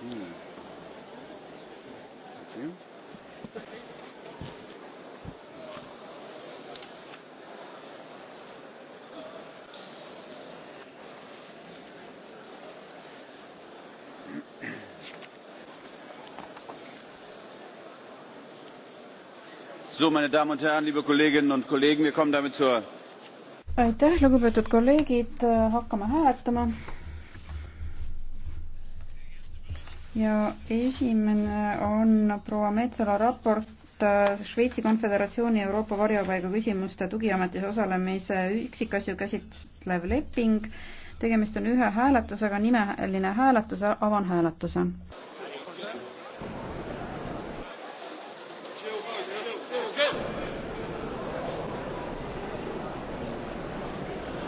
Okay. So, meine Damen und Herren, liebe Kolleginnen und Kollegen, wir kommen damit zur aitäh, lugupeetud kolleegid, hakkame hääletama. ja esimene on proua Metsala raport äh, Šveitsi Konföderatsiooni Euroopa varjupaiga küsimuste tugiametis osalemise üksikasju käsitlev leping. tegemist on ühe hääletusega, nimeline hääletus, avan hääletuse.